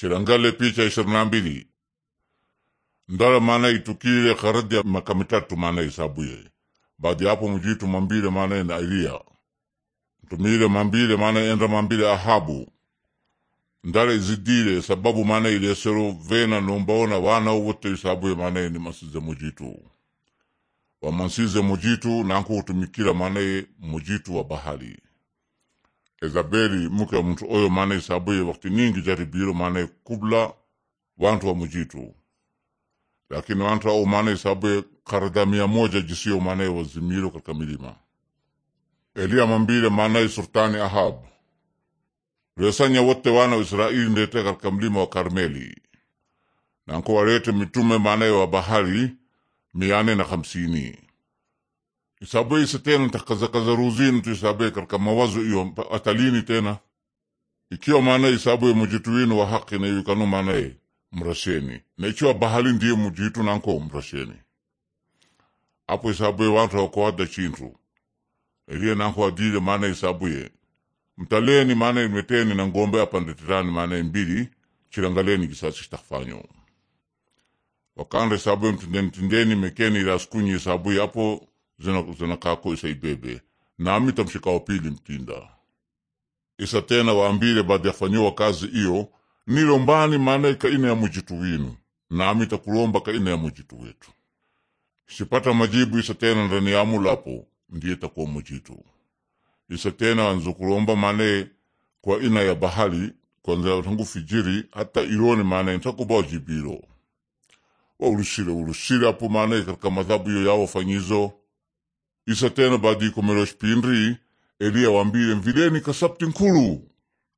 Chilangale picha ishirini na mbili ndala maana itukile karadia makamitatu maana isabuye baadi yapo mujitu mambile maana na Eliya mtumile mambile maana enda mambile Ahabu ndala izidile sababu maana ilesero vena nombaona wana wote isabuye maana ni masize mujitu wamansize mujitu nanku utumikila maana mujitu wa bahari Ezabeli muke wa mtu oyo maana isabuye wakti ningi jaribiro maana kubla wantu wa mujitu lakini wantu ao maana isabuye karda mia moja jisio maana wazimiro katika milima Eliya mambile maana sultani Ahab resanya wote wana wa Israeli ndete katika mlima wa Karmeli nanko warete mitume maana wa bahari miyane na hamsini Isabeise tena ntakazakaza tu isabe karka mawazo iyo atalini tena ikiwa maana isabuye mujitu winu wa haki na naiwikanu maanaye mrasheni na ikiwa bahali ndiye mujitu nanko mrasheni apo isabuye wantu hawakohada chintu elie nanko adile maana isabuye mtaleni maana imeteni na ngombe apandetirani maana mbili chirangaleni kisasi chitafanyo wakanda isabuye mtindeni tindeni mekeni ilaskunyi isabuye apo zinakako isaibebe nami tamshika wa pili mtinda isa tena waambile baada yafanyiwa kazi iyo nilombani maana kaina ya mujitu winu nami takulomba kaina ya mujitu wetu sipata majibu isa tena ndani yamu lapo ndiye takuwa mujitu isa tena anzukulomba maana kwa ina ya bahali kwanza tangu fijiri hata iloni maana ntakuba jibiro wa ulusile ulusile apo maana katika madhabu yo yao fanyizo isa tena badi isatena badikomeloshpinri eliya wambile mvileni kasapti nkulu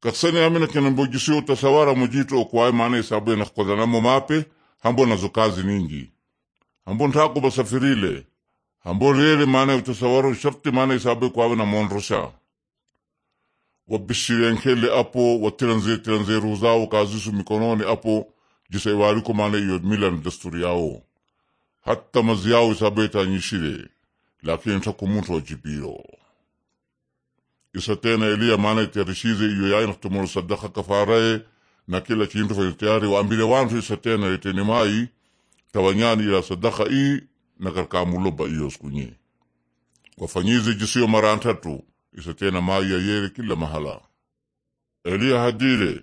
kaksani amina kenambojisiyo tasawara mujito okwaye maana isabuye nakukodanamo mape hambo nazo kazi ningi hambo ntako basafirile hambo lele maana utasawara sharti maana na monrosha wabishire nkele apo watiranze tiranze ruzawo kazisu mikononi apo jisaiwariko maana iyo mila na desturi yao hatta mazi yao yawo isabuye tanyishire lakini ntakumuntu wajibiro isatena eliya maana itarishize iyo yaina kutumuru sadaka kafarae na kila chintu faitayari waambile wantu isatena mai tawanyani ila sadaka i nakarkamuloba iyo skunyi wafanyize jisiyo mara ntatu isatena mai ya yere kila mahala eliya hadire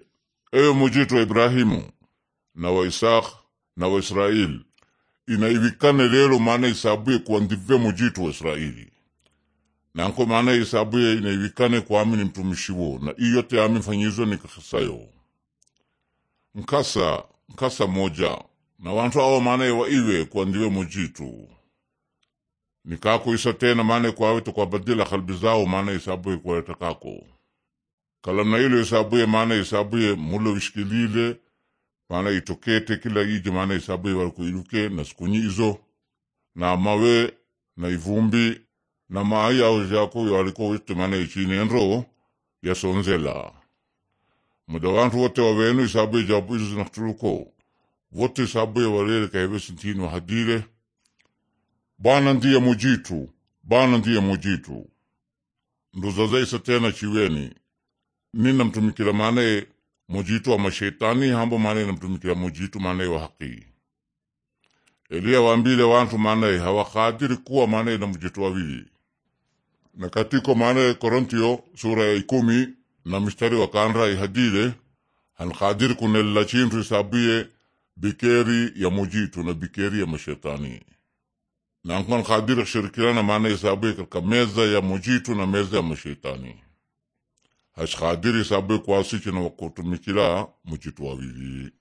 eyo mujitu wa ibrahimu na wa isaq na wa israil inaivikane lelo maana isabuye kuwa ndive mujitu wa Israeli nanko maana isabuye inaivikane kwami ni mtumishi wo na iyo yote ni fanyizwe nkasa nkasa moja na wantu awo maana wa iwe kuwa ndive mujitu nikako isa tena maana kwawete kwa badila kalbi zao maana isabuye kuwaletakako kalamna ilo isabuye maana isabuye mulo wishikilile pana itokete kila ije maana isabu iwaruku na sikunyi izo na mawe na ivumbi na maai auzako iwariko witu maana ichinenro yasonzela muda wantu wote wawenu isabu ijabu izo zinakutuluko wote isabu yawarere kaheve sintini wahadire bwana ndiye mujitu bana ndiye mujitu nduzaza tena chiweni nina mtumikila maanaye mujitu wa shetani hambo mane namtumikia mujitu mane wa haki Elia wambile wantu mane hawakadiri kuwa mane na mujitu wawili na katiko mane Korintio sura ya ikumi na mistari wa kanra ihadile hankadiri kunella chintu isabuye bikeri ya mujitu na bikeri ya mashetani na nkan kadiri shirikirana mane sabie kaka meza ya mujitu na meza ya mashetani ashikadiri isabu kwasi chino wakutumikila muchitu vivi